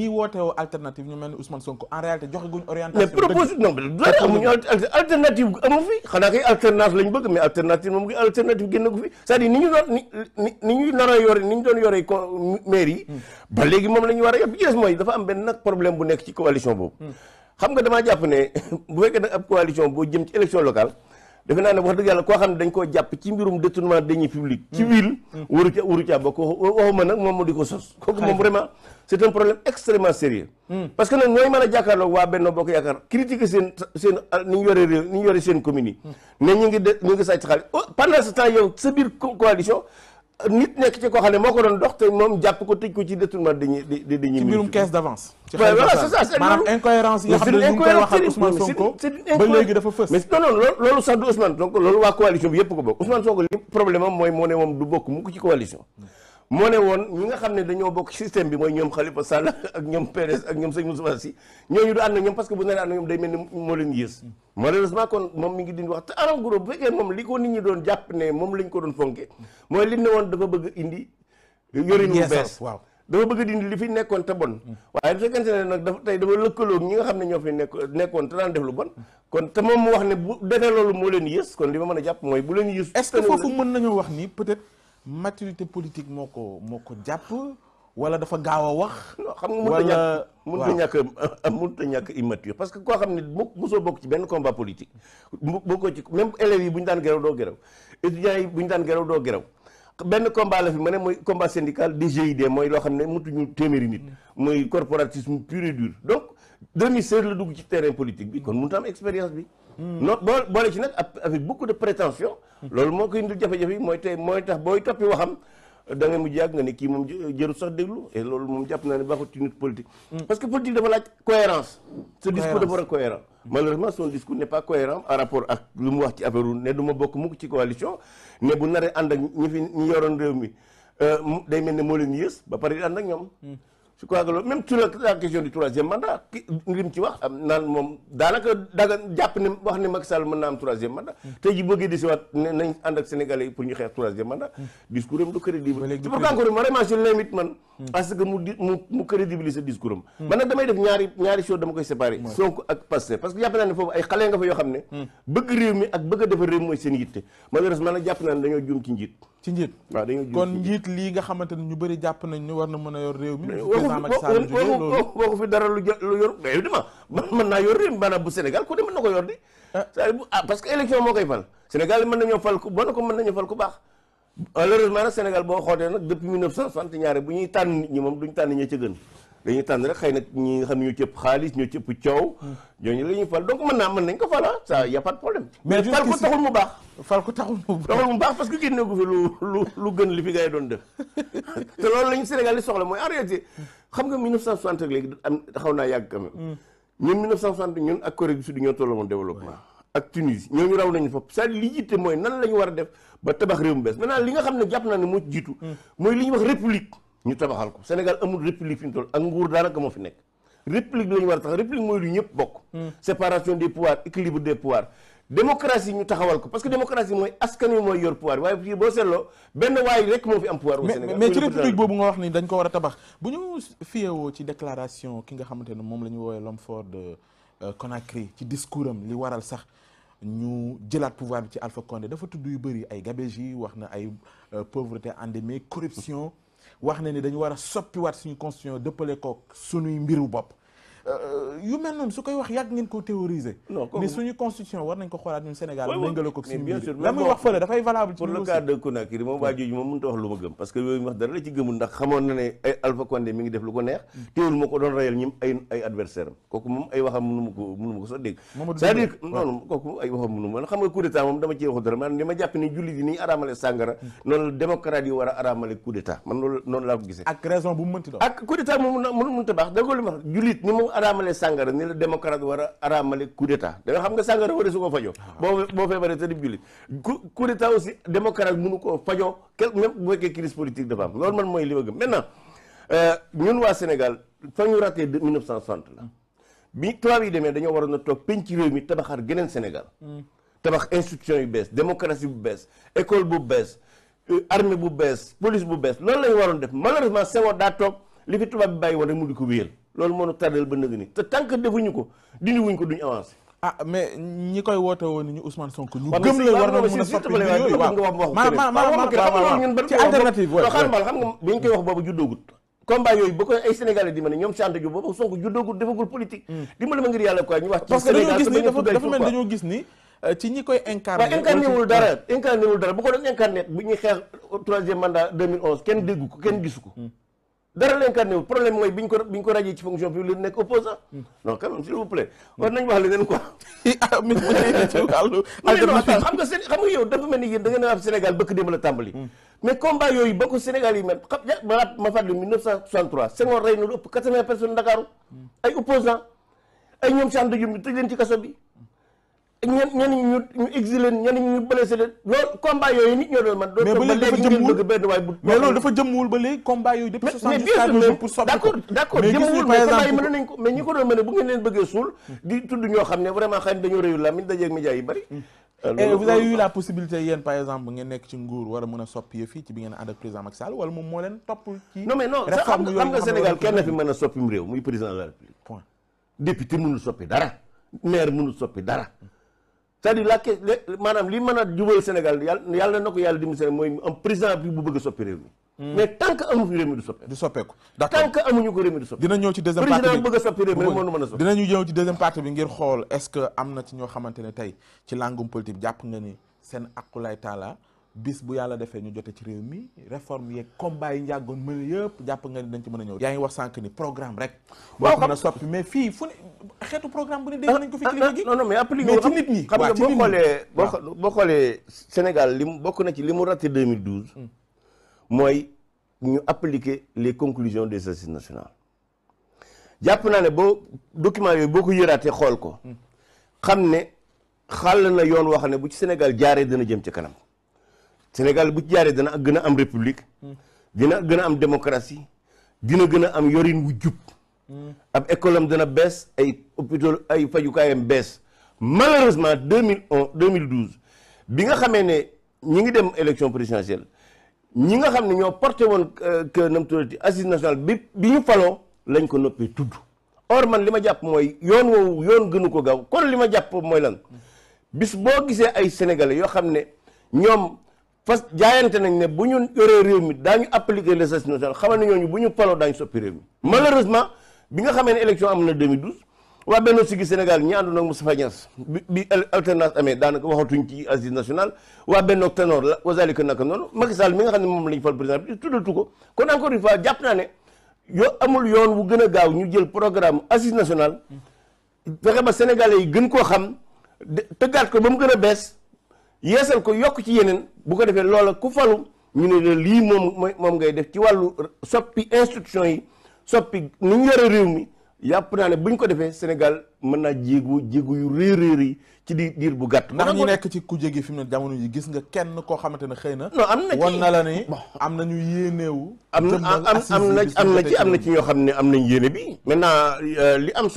ñiy wootewoo alternative ñu mel ni Ousmane Sonko en réalité joxe guñ orientation. mais proposé non mais amuñu alternative amu fi xanaa kay alternance lañ bëgg mais alternative moom alternative fi cest à ni ñu doon ni ni yore ni ñu doon yore con maire yi. Hmm. ba léegi moom la ñu war a yab bi des mooy dafa am benn nag problème bu nekk ci coalition boobu. Hmm. xam nga damaa jàpp ne bu fekkee nag ab coalition boo jëm ci élection locale. defe naa ne wax dëgg yàlla ko xam ne dañ koo jàpp ci mbirum détournement deniers publics ci mm. waru ca waru caa nag moom mu di ko sos kooku moom vraiment c'est un problème extrêmement sérieux mm. parce que nag ñooy mën a jàkkaarloog waa Benno Bokk Yaakaar critiquer seen seen yore réew ni yore seen communes yi mm. ne ñu ngi de ñu ngi oh, temps yow sa coalition nit nekk ci koo xam ne moo ko doon dox te moom jàpp ko tëj ko ci détournement dañuy dañuy. ci mbirum d'avance. ci xel maanaam ne ñu ngi koy waxal Ousmane Sonko ba léegi dafa fës. mais non non loolu sax du Ousmane donc loolu waa coalition bi yëpp ko bokk Ousmane Sonko li problème mooy moo ne moom du bokk mu ko ci coalition. Hmm. moo ne woon ñi nga xam ne dañoo bokk système bi mooy ñoom Khalifa Sall ak ñoom Pérez ak ñoom sëñ Moussa Sy ñooñu du ànd na ñoom parce que bu naree ànd moom mi ngi wax te moom li ko nit ñi doon jàpp ne moom lañ ko doon fonke mooy li ne woon dafa bëgg indi yorin wu bees waaw dafa bëgg dindi li fi nekkoon te bon waaye bu fekkente ne nag dafa tey dafa lëkkaloo ñi nga xam ne ñoo fi nekk nekkoon te daan def lu bon kon te moom mu wax ne bu defee loolu moo leen yées kon li ma mën a jàpp mooy bu leen yées est-ce wax ni peut-être maturité politique moo ko moo ko jàpp wala dafa gaaw wax. xam nga mënut a ñàkk mënut a euh, ñàkk immature parce que koo xam ne mu mosoo bokk ci benn combat politique mu bokkoo ci même élèves yi bu ñu daan gërëw doo gërëw étudiants yi bu ñu daan gërëw doo gërëw benn combat la fi ma ne mooy combat syndical des GID mooy loo xam ne mutuñu téeméeri nit. mooy corporatisme pur et dur donc 2016 la dugg ci terrain politique bi kon mënut am expérience bi. Hmm. no boo boole ci nag avec beaucoup de prétention. Hmm. loolu moo koy indil jafe-jafe yi mooy tey mooy tax booy toppi waxam. da ngay mujj yàgg nga ne kii moom jëru sax déglu et loolu moom jàpp naa ne baaxul ci nit politique mm. parce que politique dafa laaj cohérence ce discours dafa malheureusement son discours n'est pas cohérent en rapport ak lu mu wax ci affaire ne du ma bokk mukk ci coalition ne bu naree ànd ak ñi fi ñu yoroon réew mi euh, day mel ni moo leen yées ba pare ànd ak ñoom mm. je crois que loolu même sur la question du troisième mandat wax am naan moom daanaka daga jàpp ne wax ne Macky Sall pour ñu xeex troisième mandat. discours am du crédible. léegi pourquoi encore vraiment je l'invite man. parce hmm. hmm. damay def ñaari ñaari dama koy séparer. Sonko ak Pastef parce que jàpp naa foofu ay xale nga fa yoo xam ne. Hmm. bëgg réew mi ak bëgg a réew mooy seen yitte malheureusement nag jàpp naa dañoo juum ci njiit. ci njiit kon njiit lii nga xamante ñu bëri jàpp nañ ne war na mën a yor réew mi waxu fi dara lu yor mais dima mën naa yor réew maanaam bu Sénégal ku ne mën na ko yor di ah, ah parce que élection moo koy fal Sénégal mën nañoo fal fal ku baax malheureusement nag Sénégal boo xootee nag depuis 1960 ñaare bu ñuy tànn nit ñi moom duñ tànn ña ca gën dañuy tànn rek xëy nag ñi nga xam ne ñoo cëpp xaalis ñoo cëpp coow hmm. ñooñu la fal donc mën naa mën nañ ko fala ah. ça y a problème mais fal ko taxul mu baax fal ko taxul mu baax parce que génne gu fi lu lu lu gën li fi gars doon def te loolu la ñu Sénégal li soxla mooy en réalité xam nga 1960 ak léegi am xaw naa yàgg quand même mm. ñun 1960 ñun ak Corée du ñoo tolloo woon développement ak Tunisie ñooñu raw nañu foofu c'est-à-dire li mooy nan la ñu war a def ba tabax réew mu bees maintenant li nga xam ne jàpp naa ne moo ci jiitu mm. mooy li ñuy wax république ñu tabaxal ko Sénégal amul république fi ñu toll ak nguur daanaka moo fi nekk république la ñu war a tax république ñëpp bokk mm. séparation des pouvoirs équilibre des démocratie ñu taxawal ko parce que démocratie mooy askan wi mooy yor pouvoir waaye fii boo seetloo benn waay rek moo fi am pouvoir au Sénégal mais ci république boobu nga wax ni dañ ko war a tabax bu ñu fiyewoo ci déclaration ki nga xamante ne moom la ñu woowee l'homme fort de euh, Conakry ci discours am li waral sax ñu jëlaat pouvoir bi ci Alpha Condé dafa tudd yu bëri ay gabegie wax na ay euh, pauvreté endémique corruption wax na ni dañu war a soppiwaat suñu constitution dëppale kook suñuy mbiru bopp Euh, yu mel noonu su koy wax yàgg ngeen ko théoriser. non mais suñu constitution war nañ ko xoolaat ñun ak suñu de Conakry moom noonu laa ko ak raison bu mu mënti doon. ak coup d'état moom mënut a baax dëgg la jullit ni moom araamale sàngara ni la démocrate war a araamale coup d'état da xam nga sàngara war a su ko fajo ah. boo boo feebaree te di jullit coup d'état koo fajo quel même bu fekkee crise politique dafa am loolu man mooy li ma gëm maintenant euh, ñun waa Sénégal fa ñu raté 1960 la bi tubaab yi demee dañoo waroon a toog penc réew mi tabaxaat geneen Sénégal hmm. tabax institution yu bees démocratie bu bees école bu bees euh, armée bu bees police bu bees loolu la waroon def malheureusement Senghor daa toog li fi tubaab bi bàyyi mu di ko wéyal loolu moo ñu tardel ba nëg ni te tant que defuñu ko dindi wuñ ko duñ avancé. ah mais ñi koy woote woon ñu Ousmane Sonko ñu gëm la war na mën a soppi yooyu waaw ma ma ma ñun ban ci alternative waaw xam nga bu ñu yooyu ba ko ay sénégalais di ma ne ñoom si ànta ju boobu Sonko juddoogut defagul politique hmm. dimbali ma ngir yàlla quoi ñu wax ci Sénégal dañoo gis ni euh, ci ñi koy incarné waaw incarné bu ñuy xeex troisième mandat 2011 kenn déggu ko kenn gisu ko hmm. dara l'incarné wu problème mooy bi ñu ko bi ñu ko rajee nekk opposant hmm. non quand même vous plaît war nañ wax leneen quoi ah, mi ci wàllu alternative xam nga seen xam nga yow dafa mel ni yéen da ngeen a am Sénégal bëkk démb la tàmbali hmm. mais combat yooyu ba ko Sénégal yi mel ma ma fàttali 1963 rey na lu ëpp 80 personnes Ndakaaru hmm. ay opposant ay ñoom Cheikh Anta Diop ñu tëj leen ci bi ñenn ñenn ñu ñu exilé ñenn ñu blessé leen loolu combat yooyu nit ñoo doon man. mais ba léegi dafa jëmmuwul benn loolu dafa jëmmuwul ba léegi combat yooyu. depuis soixante dix jours pour soppi ko d' accord d' accord jëmmuwul ko mais ñi a bu ngeen leen bëggee suul. di tudd ñoo xam ne vraiment xëy na dañoo réew la mi dajeeg média bari. Hmm. Euh, et vous avez eu la possibilité yéen par exemple ngeen nekk ci nguur war a mën a soppi yëf yi ci bi ngeen ànd ak président Macky Sall wala moom moo topp ci non mais non kenn fi a soppim réew muy président de la République point député dara c'est-à-dire la que maanaam li mën a jubal Sénégal yàlla yàlla na ko yàlla dimbali Sénégal mooy am président bi bu bëgg a soppi réew mi hmm. mais tant que amuñu réew mi du soppeeku du soppeeku d'accord tant ko réew mi du soppeeku dina ñëw ci deuxième partie bi président bëgg a soppi réew mi mënu mën a soppi dinañu ñëw ci deuxième partie bi ngir xool est-ce que am na ci ñoo xamante tey ci langum politique jàpp nga ni seen aqulay taala bis bu yàlla defee ñu jote ci réew mi réforme yeeg combat yi njàggoon mën yëpp jàpp nga ni dañ ci mën a ñëw yaa ngi wax sànq ni programme rek boo mën mais fii fu xeetu programme bu ne ah, nañ ko fi kilifa ah, gi ah, non non mais appliqué ci nit ñi xam nga boo xoolee boo boo xoolee Sénégal li mu bokk na ci li mu raté 2012 hmm. mooy ñu appliquer les conclusions des assises jàpp naa ne boo document yooyu boo ko xool ko hmm. xam ne xàll na yoon wax ne bu ci Sénégal jaaree dana jëm ci kanam Sénégal bu ci jaaree dana gën a am république dina gën a am démocratie dina gën a am yorin wu jub ab école am dana bees ay hôpital ay fajukaayam bees malheureusement deux mille onze deux mille douze bi nga xamee ne ñi ngi dem élection présidentielle ñi nga xam ne ñoo porté woon que euh, nam tuddati assise nationale bi bi ñu faloo lañ ko noppee tudd or man li ma jàpp mooy yoon woowu yoon gënu ko gaaw kon li ma jàpp mooy lan bis boo gisee ay sénégalais yoo xam ne ñoom fas jaayante nañ ne bu ñu yoree réew mi daañu appliquer les assises nationales xamal ñooñu bu ñu faloo daañu soppi réew mi malheureusement bi nga xamee ne élection am na 2012 waa Benno Siggi Sénégal ñi àndoon ak Moustapha Niass bi bi alternance amee daanaka waxatuñ ci assise nationale waa Benno Tanor la wasaalika naka noonu Macky Sall mi nga xam ne moom la ñu fal président tuddatu ko kon encore une jàpp naa ne yoo amul yoon wu gën a gaaw ñu jël programme assise nationale ba sénégalais yi gën koo xam tëggaat ko ba mu gën a bees yeesal ko yokk ci yeneen bu ko defee loola ku falu ñu ne la lii moom moom ngay def ci wàllu soppi institution yi soppi ni ñu yore réew mi yàpp naa ne buñ ko defee Sénégal mën naa jéegu jéegu yu réer réer yi ci di diir bu gàtt. ndax ñi nekk ci ku jégi fi mu ne jamono yi gis nga kenn koo xamante ne xëy na. non am na ci wan na am na ñu yéeneewu. am na am na na ci am na ci ñoo xam ne am nañ yéene bi. maintenant euh, li am